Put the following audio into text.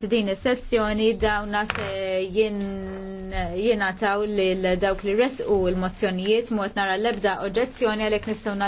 din is-sezzjoni dawna se jien taw lil dawk li resqu l-mozzjonijiet mod nara l-ebda oġġezzjoni għalhekk nistgħu